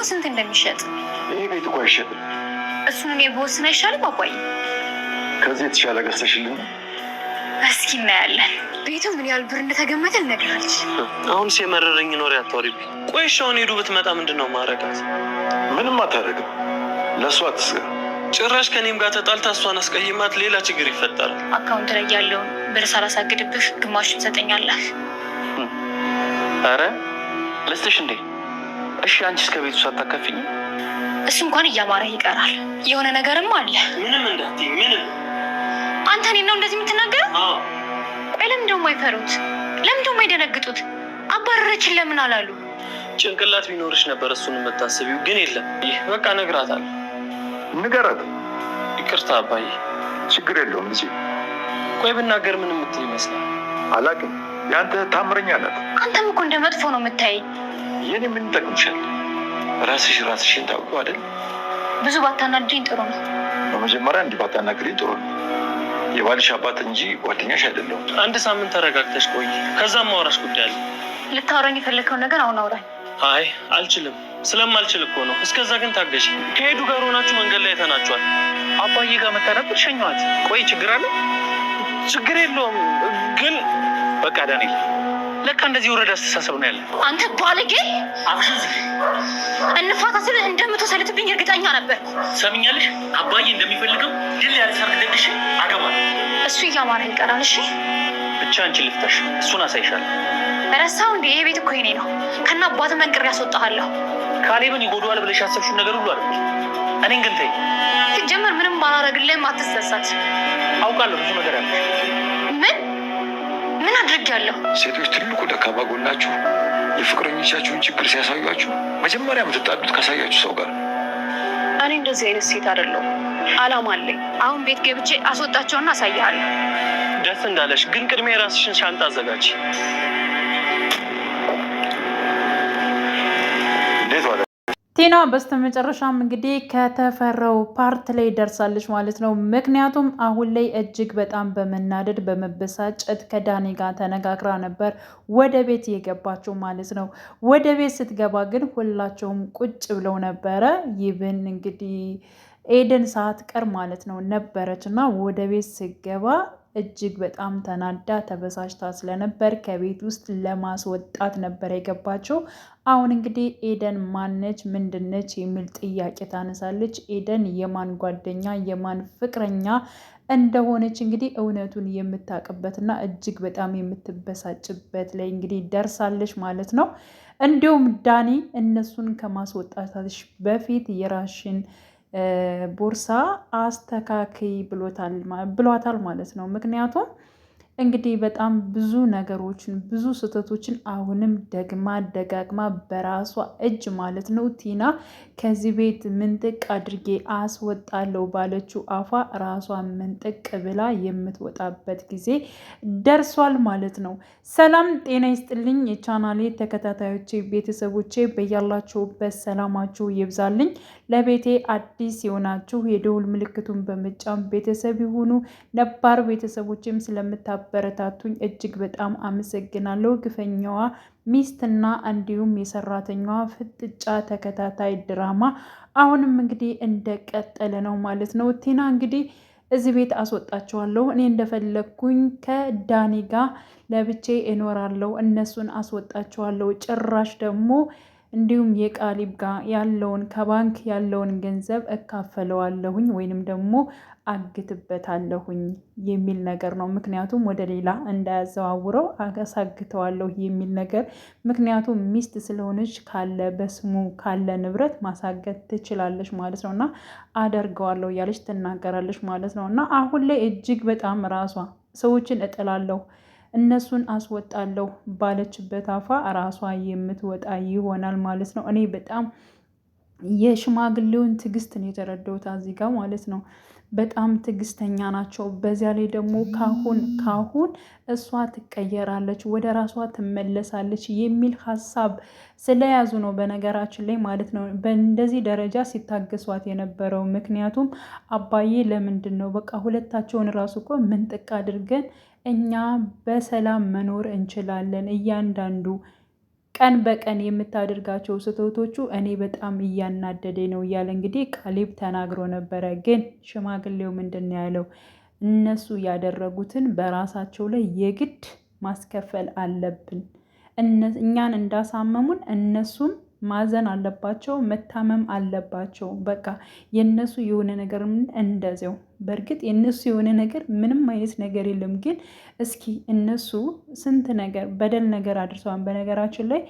ዋጋው ስንት እንደሚሸጥ ይህ ቤት እኮ አይሸጥም። እሱን እኔ በወስን አይሻልም? አቋይ ከዚህ የተሻለ ገዝተሽልን እስኪ እናያለን። ቤቱ ምን ያህል ብር እንደተገመተ ልነግራች። አሁንስ የመረረኝ ኖር አታወሪብኝ። ቆይ እሺ፣ አሁን ሄዱ ብትመጣ ምንድን ነው ማረጋት? ምንም አታደርግም። ለእሷ አትስጋ። ጭራሽ ከኔም ጋር ተጣልታ እሷን አስቀይማት ሌላ ችግር ይፈጠራል። አካውንት ላይ ያለውን ብር ሳላሳግድብህ ግማሹን ትሰጠኛለህ። አረ ልስትሽ እንዴ እሺ አንቺ እስከ ቤቱ ሳታከፍኝ እሱ እንኳን እያማረ ይቀራል። የሆነ ነገርም አለ። ምንም እንዳትዪ ምንም። አንተ እኔን ነው እንደዚህ የምትናገር ቆይ ለምን ደሞ አይፈሩት? ለምን ደሞ አይደነግጡት? አባረረችን ለምን አላሉ? ጭንቅላት ቢኖርሽ ነበር እሱን የምታስቢው፣ ግን የለም። ይህ በቃ እነግራታለሁ። ንገረት። ይቅርታ አባዬ። ችግር የለውም ልጄ። ቆይ ብናገር ምን የምትል ይመስላል? አላውቅም። የአንተ ታምረኛ ናት። አንተም እኮ እንደ መጥፎ ነው የምታይ የኔ ምን ጠቅምሻል? ራስሽ ራስሽን ታውቂው አይደል? ብዙ ባታናግሪኝ ጥሩ ነው። በመጀመሪያ እንዲህ ባታናግሪኝ ጥሩ ነው። የባልሽ አባት እንጂ ጓደኛሽ አይደለሁም። አንድ ሳምንት ተረጋግተሽ ቆይ፣ ከዛም ማውራሽ ጉዳይ አለ። ልታወራኝ የፈለግከውን ነገር አሁን አውራኝ። አይ አልችልም። ስለማልችል እኮ ነው። እስከዛ ግን ታገሽ። ከሄዱ ጋር ሆናችሁ መንገድ ላይ ተናችኋል። አባዬ ጋር መታ ነበር፣ ሸኘኋት። ቆይ ችግር አለ? ችግር የለውም ግን በቃ ዳንኤል ለካ እንደዚህ ወረዳ አስተሳሰብ ነው ያለ። አንተ ባለጌ እንፋታ ስለ እንደምትወሰልትብኝ እርግጠኛ ነበር። ሰምኛለሽ አባዬ እንደሚፈልገው ድል ያልሰርግ ደግሽ አገባል። እሱ እያማረ ይቀራል። እሺ ብቻ አንቺ ልፍታሽ፣ እሱን አሳይሻለሁ። ረሳው እንዲ ይሄ ቤት እኮ የኔ ነው። ከና አባት መንቅር ያስወጣሃለሁ። ካሌብን ይጎዳዋል ብለሽ ያሰብሽውን ነገር ሁሉ አለ። እኔን ግን ተይ። ሲጀመር ምንም ባላረግልህም አትሰሳት። አውቃለሁ ብዙ ነገር ያለሽ ምን አድርጌያለሁ? ሴቶች ትልቁ ደካማ ጎናችሁ የፍቅረኞቻችሁን ችግር ሲያሳያችሁ መጀመሪያ የምትጣዱት ካሳያችሁ ሰው ጋር። እኔ እንደዚህ አይነት ሴት አይደለሁም። አላማ አለኝ። አሁን ቤት ገብቼ አስወጣቸውና አሳያለሁ። ደስ እንዳለሽ ግን ቅድሚያ የራስሽን ሻንጣ አዘጋጅ። ቲና በስተመጨረሻም እንግዲህ ከተፈራው ፓርት ላይ ደርሳለች ማለት ነው። ምክንያቱም አሁን ላይ እጅግ በጣም በመናደድ በመበሳጨት ከዳኒ ጋር ተነጋግራ ነበር ወደ ቤት የገባቸው ማለት ነው። ወደ ቤት ስትገባ ግን ሁላቸውም ቁጭ ብለው ነበረ። ይብን እንግዲህ ኤደን ሰዓት ቀር ማለት ነው ነበረች እና ወደ ቤት ስገባ እጅግ በጣም ተናዳ ተበሳጭታ ስለነበር ከቤት ውስጥ ለማስወጣት ነበር የገባቸው። አሁን እንግዲህ ኤደን ማነች ምንድነች የሚል ጥያቄ ታነሳለች። ኤደን የማን ጓደኛ የማን ፍቅረኛ እንደሆነች እንግዲህ እውነቱን የምታውቅበትና እጅግ በጣም የምትበሳጭበት ላይ እንግዲህ ደርሳለች ማለት ነው። እንዲሁም ዳኒ እነሱን ከማስወጣታች በፊት የራሽን ቦርሳ ብሎታል ብሏታል ማለት ነው። ምክንያቱም እንግዲህ በጣም ብዙ ነገሮችን ብዙ ስህተቶችን አሁንም ደግማ ደጋግማ በራሷ እጅ ማለት ነው ቲና ከዚህ ቤት ምንጥቅ አድርጌ አስወጣለሁ ባለችው አፏ ራሷ ምንጥቅ ብላ የምትወጣበት ጊዜ ደርሷል ማለት ነው። ሰላም ጤና ይስጥልኝ የቻናሌ ተከታታዮቼ ቤተሰቦቼ፣ በያላችሁበት ሰላማችሁ ይብዛልኝ። ለቤቴ አዲስ የሆናችሁ የደውል ምልክቱን በመጫን ቤተሰብ የሆኑ ነባር ቤተሰቦችም ስለምታ ስለምታበረታቱኝ እጅግ በጣም አመሰግናለሁ። ግፈኛዋ ሚስትና እንዲሁም የሰራተኛዋ ፍጥጫ ተከታታይ ድራማ አሁንም እንግዲህ እንደቀጠለ ነው ማለት ነው። ቲና እንግዲህ እዚህ ቤት አስወጣቸዋለሁ እኔ እንደፈለግኩኝ ከዳኒ ጋር ለብቼ እኖራለሁ፣ እነሱን አስወጣቸዋለሁ ጭራሽ ደግሞ እንዲሁም የቃሊብ ጋር ያለውን ከባንክ ያለውን ገንዘብ እካፈለዋለሁኝ ወይንም ደግሞ አግትበታለሁኝ የሚል ነገር ነው። ምክንያቱም ወደ ሌላ እንዳያዘዋውረው አሳግተዋለሁ የሚል ነገር ምክንያቱም ሚስት ስለሆነች ካለ በስሙ ካለ ንብረት ማሳገት ትችላለች ማለት ነው እና አደርገዋለሁ እያለች ትናገራለች ማለት ነው እና አሁን ላይ እጅግ በጣም ራሷ ሰዎችን እጥላለሁ እነሱን አስወጣለሁ ባለችበት አፋ ራሷ የምትወጣ ይሆናል ማለት ነው። እኔ በጣም የሽማግሌውን ትዕግስት ነው የተረዳሁት እዚህ ጋር ማለት ነው። በጣም ትዕግስተኛ ናቸው። በዚያ ላይ ደግሞ ካሁን ካሁን እሷ ትቀየራለች፣ ወደ ራሷ ትመለሳለች የሚል ሀሳብ ስለያዙ ነው በነገራችን ላይ ማለት ነው በእንደዚህ ደረጃ ሲታገሷት የነበረው። ምክንያቱም አባዬ ለምንድን ነው በቃ ሁለታቸውን ራሱ እኮ ጥቅ አድርገን እኛ በሰላም መኖር እንችላለን። እያንዳንዱ ቀን በቀን የምታደርጋቸው ስህተቶቹ እኔ በጣም እያናደደ ነው እያለ እንግዲህ ካሌብ ተናግሮ ነበረ። ግን ሽማግሌው ምንድን ያለው? እነሱ ያደረጉትን በራሳቸው ላይ የግድ ማስከፈል አለብን። እኛን እንዳሳመሙን እነሱም ማዘን አለባቸው፣ መታመም አለባቸው። በቃ የእነሱ የሆነ ነገር ምን እንደዚያው በእርግጥ የእነሱ የሆነ ነገር ምንም አይነት ነገር የለም። ግን እስኪ እነሱ ስንት ነገር በደል ነገር አድርሰዋል። በነገራችን ላይ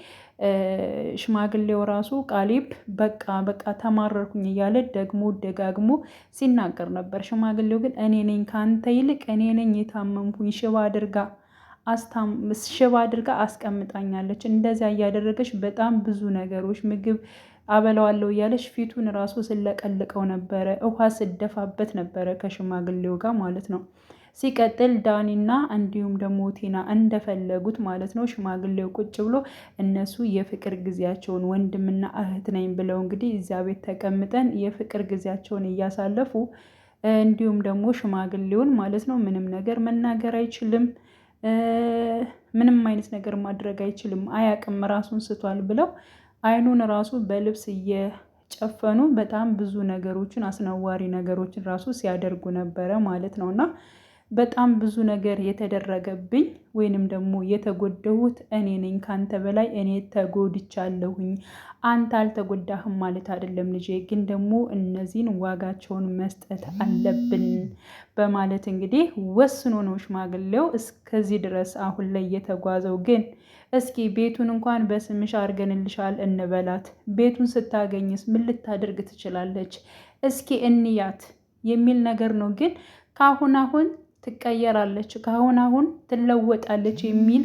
ሽማግሌው ራሱ ቃሊብ በቃ በቃ ተማረርኩኝ እያለ ደግሞ ደጋግሞ ሲናገር ነበር። ሽማግሌው ግን እኔ ነኝ ከአንተ ይልቅ እኔ ነኝ የታመምኩኝ ሽባ አድርጋ ሽባ አድርጋ አስቀምጣኛለች። እንደዚያ እያደረገች በጣም ብዙ ነገሮች ምግብ አበላዋለሁ እያለች ፊቱን ራሱ ስለቀልቀው ነበረ። ውሃ ስደፋበት ነበረ ከሽማግሌው ጋር ማለት ነው። ሲቀጥል ዳኒና እንዲሁም ደግሞ ቴና እንደፈለጉት ማለት ነው ሽማግሌው ቁጭ ብሎ እነሱ የፍቅር ጊዜያቸውን ወንድምና እህት ነኝ ብለው እንግዲህ እዚያ ቤት ተቀምጠን የፍቅር ጊዜያቸውን እያሳለፉ እንዲሁም ደግሞ ሽማግሌውን ማለት ነው ምንም ነገር መናገር አይችልም፣ ምንም አይነት ነገር ማድረግ አይችልም፣ አያቅም፣ ራሱን ስቷል ብለው አይኑን ራሱ በልብስ እየጨፈኑ በጣም ብዙ ነገሮችን አስነዋሪ ነገሮችን ራሱ ሲያደርጉ ነበረ ማለት ነው እና በጣም ብዙ ነገር የተደረገብኝ ወይንም ደግሞ የተጎደሁት እኔ ነኝ። ከአንተ በላይ እኔ ተጎድቻለሁኝ። አንተ አልተጎዳህም ማለት አይደለም ልጄ፣ ግን ደግሞ እነዚህን ዋጋቸውን መስጠት አለብን በማለት እንግዲህ ወስኖ ነው ሽማግሌው እስከዚህ ድረስ አሁን ላይ የተጓዘው። ግን እስኪ ቤቱን እንኳን በስምሽ አድርገንልሻል እንበላት። ቤቱን ስታገኝስ ምን ልታደርግ ትችላለች? እስኪ እንያት የሚል ነገር ነው ግን ከአሁን አሁን ትቀየራለች፣ ከአሁን አሁን ትለወጣለች የሚል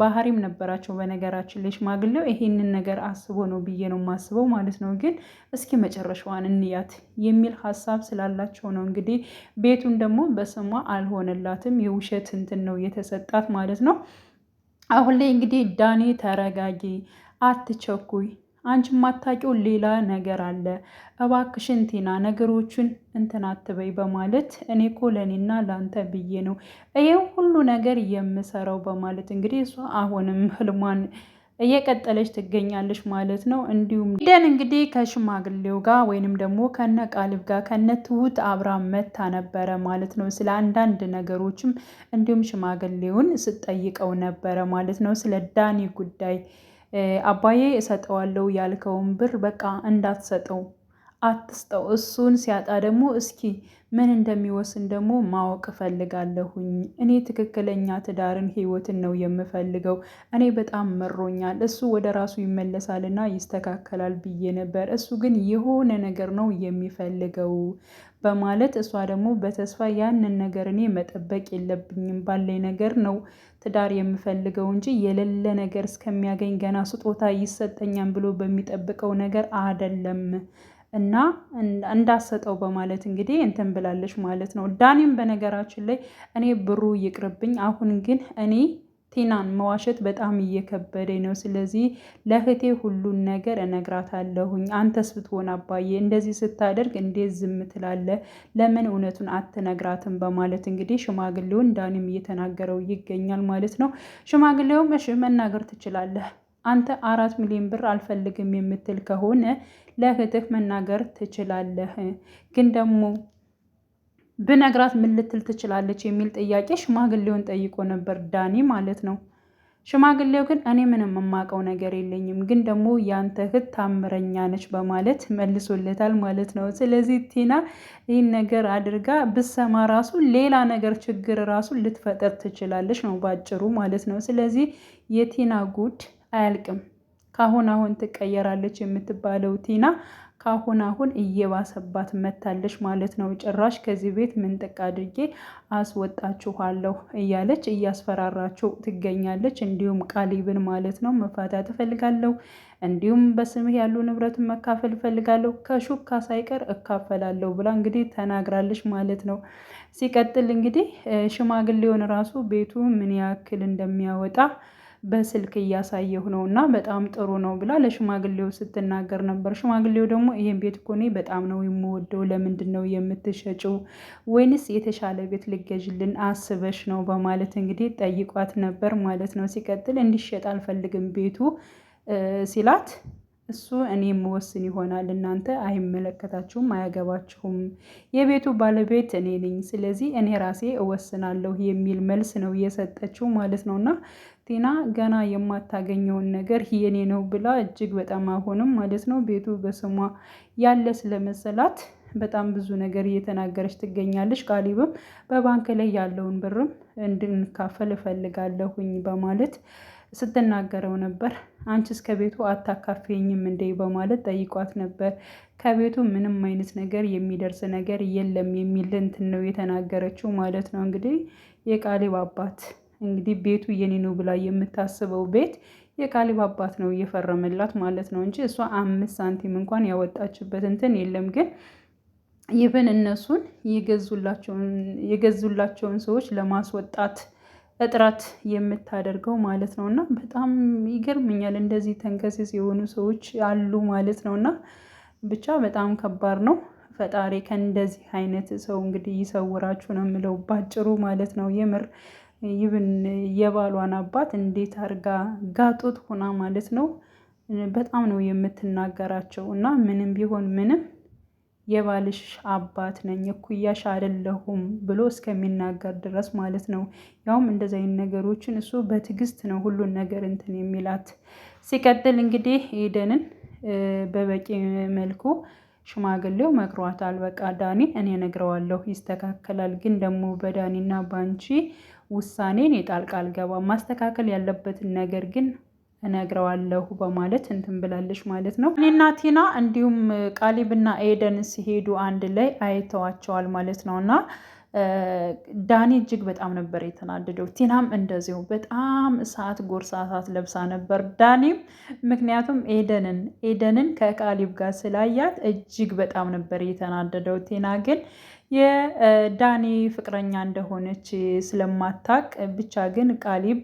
ባህሪም ነበራቸው። በነገራችን ላይ ሽማግሌው ይሄንን ነገር አስቦ ነው ብዬ ነው የማስበው ማለት ነው። ግን እስኪ መጨረሻዋን እንያት የሚል ሀሳብ ስላላቸው ነው እንግዲህ ቤቱን ደግሞ በስሟ አልሆነላትም። የውሸት እንትን ነው የተሰጣት ማለት ነው። አሁን ላይ እንግዲህ ዳኔ ተረጋጊ፣ አትቸኩይ አንቺ የማታውቂው ሌላ ነገር አለ። እባክሽን ቲና ነገሮቹን እንትን አትበይ በማለት እኔ እኮ ለእኔና ለአንተ ብዬ ነው ይህ ሁሉ ነገር የምሰራው በማለት እንግዲህ እሷ አሁንም ህልሟን እየቀጠለች ትገኛለች ማለት ነው። እንዲሁም ደን እንግዲህ ከሽማግሌው ጋር ወይንም ደግሞ ከነ ቃልብ ጋር ከነ ትሁት አብራ መታ ነበረ ማለት ነው። ስለ አንዳንድ ነገሮችም እንዲሁም ሽማግሌውን ስጠይቀው ነበረ ማለት ነው ስለ ዳኒ ጉዳይ አባዬ እሰጠዋለሁ ያልከውን ብር በቃ እንዳትሰጠው አትስጠው። እሱን ሲያጣ ደግሞ እስኪ ምን እንደሚወስን ደግሞ ማወቅ እፈልጋለሁኝ። እኔ ትክክለኛ ትዳርን ህይወትን ነው የምፈልገው። እኔ በጣም መሮኛል። እሱ ወደ ራሱ ይመለሳልና ይስተካከላል ብዬ ነበር። እሱ ግን የሆነ ነገር ነው የሚፈልገው በማለት እሷ ደግሞ በተስፋ ያንን ነገር እኔ መጠበቅ የለብኝም ባለኝ ነገር ነው ትዳር የምፈልገው እንጂ የሌለ ነገር እስከሚያገኝ ገና ስጦታ ይሰጠኛል ብሎ በሚጠብቀው ነገር አደለም እና እንዳሰጠው በማለት እንግዲህ እንትን ብላለች ማለት ነው። ዳኒም በነገራችን ላይ እኔ ብሩ ይቅርብኝ፣ አሁን ግን እኔ ቲናን መዋሸት በጣም እየከበደኝ ነው። ስለዚህ ለእህቴ ሁሉን ነገር እነግራታለሁኝ። አንተስ ብትሆን አባዬ እንደዚህ ስታደርግ እንዴት ዝም ትላለህ? ለምን እውነቱን አትነግራትም? በማለት እንግዲህ ሽማግሌውን ዳኒም እየተናገረው ይገኛል ማለት ነው። ሽማግሌውም እሺ መናገር ትችላለህ አንተ አራት ሚሊዮን ብር አልፈልግም የምትል ከሆነ ለእህትህ መናገር ትችላለህ። ግን ደግሞ ብነግራት ምን ልትል ትችላለች የሚል ጥያቄ ሽማግሌውን ጠይቆ ነበር ዳኒ ማለት ነው። ሽማግሌው ግን እኔ ምንም የማውቀው ነገር የለኝም፣ ግን ደግሞ ያንተ እህት ታምረኛ ነች በማለት መልሶለታል ማለት ነው። ስለዚህ ቲና ይህን ነገር አድርጋ ብሰማ ራሱ ሌላ ነገር ችግር ራሱ ልትፈጠር ትችላለች ነው ባጭሩ ማለት ነው። ስለዚህ የቲና ጉድ አያልቅም። ካሁን አሁን ትቀየራለች የምትባለው ቲና ካሁን አሁን እየባሰባት መታለች ማለት ነው። ጭራሽ ከዚህ ቤት ምንጥቅ አድርጌ አስወጣችኋለሁ እያለች እያስፈራራችው ትገኛለች። እንዲሁም ቃሊብን ማለት ነው መፋታት እፈልጋለሁ፣ እንዲሁም በስምህ ያሉ ንብረትን መካፈል እፈልጋለሁ፣ ከሹካ ሳይቀር እካፈላለሁ ብላ እንግዲህ ተናግራለች ማለት ነው። ሲቀጥል እንግዲህ ሽማግሌውን ራሱ ቤቱ ምን ያክል እንደሚያወጣ በስልክ እያሳየሁ ነው እና በጣም ጥሩ ነው ብላ ለሽማግሌው ስትናገር ነበር። ሽማግሌው ደግሞ ይሄን ቤት እኮ እኔ በጣም ነው የምወደው፣ ለምንድን ነው የምትሸጭው? ወይንስ የተሻለ ቤት ልገዥልን አስበሽ ነው? በማለት እንግዲህ ጠይቋት ነበር ማለት ነው። ሲቀጥል እንዲሸጥ አልፈልግም ቤቱ ሲላት እሱ እኔ የምወስን ይሆናል። እናንተ አይመለከታችሁም፣ አያገባችሁም። የቤቱ ባለቤት እኔ ነኝ፣ ስለዚህ እኔ ራሴ እወስናለሁ የሚል መልስ ነው እየሰጠችው ማለት ነው እና ቲና ገና የማታገኘውን ነገር የኔ ነው ብላ እጅግ በጣም አሁንም ማለት ነው ቤቱ በስሟ ያለ ስለመሰላት በጣም ብዙ ነገር እየተናገረች ትገኛለች። ቃሊብም በባንክ ላይ ያለውን ብርም እንድንካፈል እፈልጋለሁኝ በማለት ስትናገረው ነበር። አንቺ እስከ ቤቱ አታካፌኝም እንዴ በማለት ጠይቋት ነበር። ከቤቱ ምንም አይነት ነገር የሚደርስ ነገር የለም የሚል እንትን ነው የተናገረችው ማለት ነው። እንግዲህ የቃሊብ አባት እንግዲህ ቤቱ የኔ ነው ብላ የምታስበው ቤት የቃሊብ አባት ነው እየፈረመላት ማለት ነው እንጂ እሷ አምስት ሳንቲም እንኳን ያወጣችበት እንትን የለም ግን ይብን እነሱን የገዙላቸውን ሰዎች ለማስወጣት እጥረት የምታደርገው ማለት ነው። እና በጣም ይገርምኛል እንደዚህ ተንከሴስ የሆኑ ሰዎች አሉ ማለት ነው። እና ብቻ በጣም ከባድ ነው። ፈጣሪ ከእንደዚህ አይነት ሰው እንግዲህ ይሰውራችሁ ነው የምለው ባጭሩ ማለት ነው የምር ይብን የባሏን አባት እንዴት አድርጋ ጋጦት ሆና ማለት ነው በጣም ነው የምትናገራቸው። እና ምንም ቢሆን ምንም የባልሽ አባት ነኝ እኩያሽ አይደለሁም ብሎ እስከሚናገር ድረስ ማለት ነው። ያውም እንደዚ አይነት ነገሮችን እሱ በትዕግስት ነው ሁሉን ነገር እንትን የሚላት። ሲቀጥል እንግዲህ ኤደንን በበቂ መልኩ ሽማግሌው መክሯታል። በቃ ዳኒ እኔ ነግረዋለሁ ይስተካከላል፣ ግን ደግሞ በዳኒና ባንቺ ውሳኔን የጣልቃ አልገባም፣ ማስተካከል ያለበትን ነገር ግን እነግረዋለሁ በማለት እንትን ብላለች ማለት ነው። እኔና ቲና እንዲሁም ቃሊብና ኤደን ሲሄዱ አንድ ላይ አይተዋቸዋል ማለት ነው እና ዳኒ እጅግ በጣም ነበር የተናደደው። ቲናም እንደዚሁ በጣም እሳት ጎርሳ እሳት ለብሳ ነበር። ዳኒም ምክንያቱም ኤደንን ኤደንን ከቃሊብ ጋር ስላያት እጅግ በጣም ነበር የተናደደው። ቲና ግን የዳኒ ፍቅረኛ እንደሆነች ስለማታቅ ብቻ ግን ቃሊብ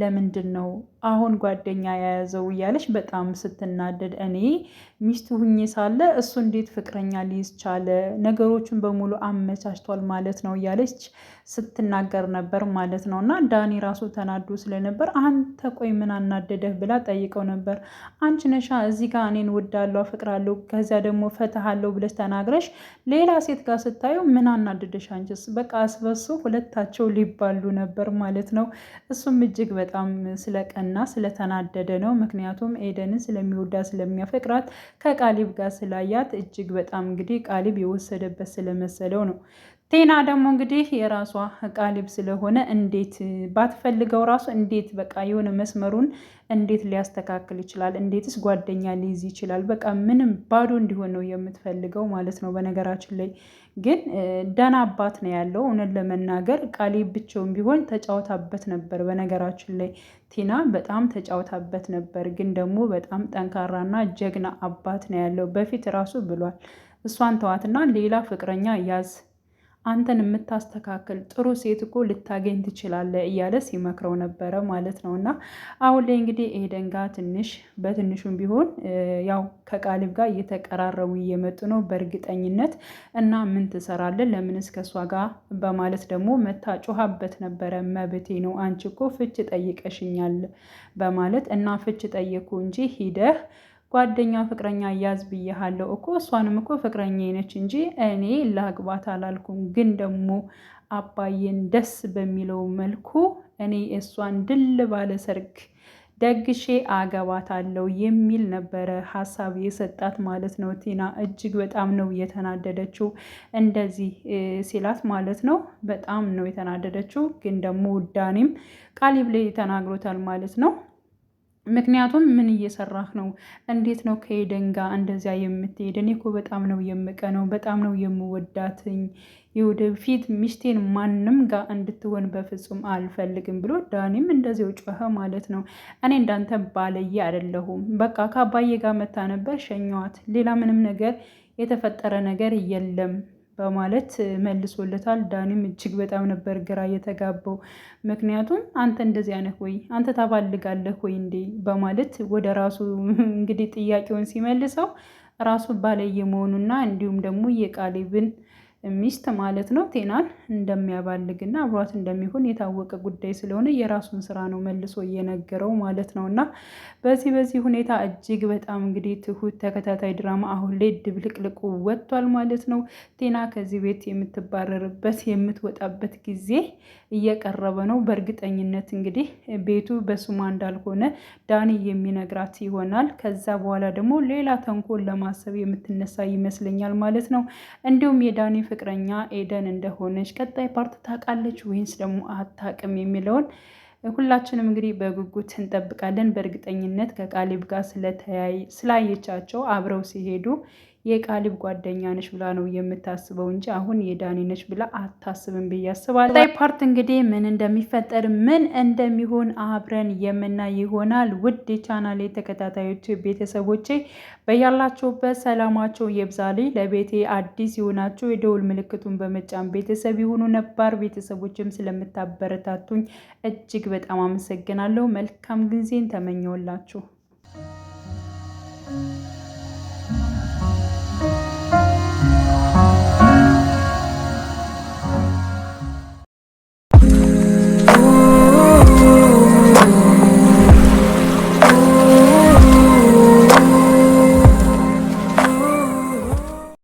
ለምንድን ነው አሁን ጓደኛ የያዘው እያለች በጣም ስትናደድ፣ እኔ ሚስቱ ሁኜ ሳለ እሱ እንዴት ፍቅረኛ ሊይዝ ቻለ? ነገሮችን በሙሉ አመቻችቷል ማለት ነው እያለች ስትናገር ነበር ማለት ነው። እና ዳኒ ራሱ ተናዶ ስለነበር አንተ ቆይ ምን አናደደህ ብላ ጠይቀው ነበር። አንቺ ነሻ እዚህ ጋር እኔን ወዳለው አፈቅራለሁ ከዚያ ደግሞ ፈትሃለሁ ብለሽ ተናግረሽ ሌላ ሴት ጋር ስታየው ምን አናደደሽ አንቺስ? በቃ አስበሱ ሁለታቸው ሊባሉ ነበር ማለት ነው። እሱም እጅግ በጣም ስለቀና ስለተናደደ ነው። ምክንያቱም ኤደንን ስለሚወዳ ስለሚያፈቅራት ከቃሊብ ጋር ስላያት እጅግ በጣም እንግዲህ ቃሊብ የወሰደበት ስለመሰለው ነው። ቴና ደግሞ እንግዲህ የራሷ ቃሊብ ስለሆነ እንዴት ባትፈልገው ራሱ እንዴት በቃ የሆነ መስመሩን እንዴት ሊያስተካክል ይችላል? እንዴትስ ጓደኛ ሊይዝ ይችላል? በቃ ምንም ባዶ እንዲሆን ነው የምትፈልገው ማለት ነው። በነገራችን ላይ ግን ደህና አባት ነው ያለው። እውነት ለመናገር ቃሊብ ብቻውን ቢሆን ተጫውታበት ነበር። በነገራችን ላይ ቲና በጣም ተጫውታበት ነበር። ግን ደግሞ በጣም ጠንካራና ጀግና አባት ነው ያለው። በፊት ራሱ ብሏል፣ እሷን ተዋትና ሌላ ፍቅረኛ ያዝ አንተን የምታስተካክል ጥሩ ሴት እኮ ልታገኝ ትችላለህ እያለ ሲመክረው ነበረ ማለት ነው። እና አሁን ላይ እንግዲህ ኤደን ጋ ትንሽ በትንሹም ቢሆን ያው ከቃሊብ ጋር እየተቀራረቡ እየመጡ ነው በእርግጠኝነት እና ምን ትሰራለን ለምን እስከ እሷ ጋር በማለት ደግሞ መታጮሃበት ነበረ። መብቴ ነው አንቺ እኮ ፍች ጠይቀሽኛል በማለት እና ፍች ጠየኩ እንጂ ሂደህ ጓደኛ ፍቅረኛ እያዝ ብያሃለው እኮ እሷንም እኮ ፍቅረኛ ነች እንጂ እኔ ላግባት አላልኩም። ግን ደግሞ አባዬን ደስ በሚለው መልኩ እኔ እሷን ድል ባለ ሰርግ ደግሼ አለው የሚል ነበረ ሀሳብ የሰጣት ማለት ነው። ቲና እጅግ በጣም ነው የተናደደችው እንደዚህ ሲላት ማለት ነው። በጣም ነው የተናደደችው። ግን ደግሞ ውዳኔም ቃሊብ ላይ ተናግሮታል ማለት ነው። ምክንያቱም ምን እየሰራህ ነው? እንዴት ነው ከኤደን ጋር እንደዚያ የምትሄድ? እኔ እኮ በጣም ነው የምቀነው፣ በጣም ነው የምወዳትኝ። የወደፊት ሚስቴን ማንም ጋር እንድትሆን በፍጹም አልፈልግም ብሎ ዳኒም እንደዚው ጮኸ ማለት ነው። እኔ እንዳንተ ባለየ አይደለሁም። በቃ ከአባዬ ጋር መታ ነበር፣ ሸኘዋት። ሌላ ምንም ነገር የተፈጠረ ነገር የለም በማለት መልሶለታል። ዳኒም እጅግ በጣም ነበር ግራ የተጋባው። ምክንያቱም አንተ እንደዚህ አይነት ወይ አንተ ታባልጋለህ ወይ እንዴ በማለት ወደ ራሱ እንግዲህ ጥያቄውን ሲመልሰው ራሱ ባለየ መሆኑና እንዲሁም ደግሞ የቃሌብን ሚስት ማለት ነው ቴናን እንደሚያባልግና አብሯት እንደሚሆን የታወቀ ጉዳይ ስለሆነ የራሱን ስራ ነው መልሶ እየነገረው ማለት ነው። እና በዚህ በዚህ ሁኔታ እጅግ በጣም እንግዲህ ትሁት ተከታታይ ድራማ አሁን ላይ ድብልቅልቁ ወጥቷል ማለት ነው። ቴና ከዚህ ቤት የምትባረርበት የምትወጣበት ጊዜ እየቀረበ ነው። በእርግጠኝነት እንግዲህ ቤቱ በስሟ እንዳልሆነ ዳኒ የሚነግራት ይሆናል። ከዛ በኋላ ደግሞ ሌላ ተንኮል ለማሰብ የምትነሳ ይመስለኛል ማለት ነው። እንዲሁም የዳኒ ፍቅረኛ ኤደን እንደሆነች ቀጣይ ፓርት ታውቃለች ወይንስ ደግሞ አታውቅም የሚለውን ሁላችንም እንግዲህ በጉጉት እንጠብቃለን። በእርግጠኝነት ከቃሊብ ጋር ስለተያይ ስላየቻቸው አብረው ሲሄዱ የቃሊብ ጓደኛ ነች ብላ ነው የምታስበው እንጂ አሁን የዳኒ ነች ብላ አታስብም ብዬ አስባለሁ። ፓርት እንግዲህ ምን እንደሚፈጠር ምን እንደሚሆን አብረን የምናይ ይሆናል። ውድ የቻናሌ ተከታታዮች ቤተሰቦቼ በያላችሁበት ሰላማቸው የብዛሌ ለቤቴ አዲስ የሆናችሁ የደውል ምልክቱን በመጫን ቤተሰብ የሆኑ ነባር ቤተሰቦችም ስለምታበረታቱኝ እጅግ በጣም አመሰግናለሁ። መልካም ጊዜን ተመኘውላችሁ።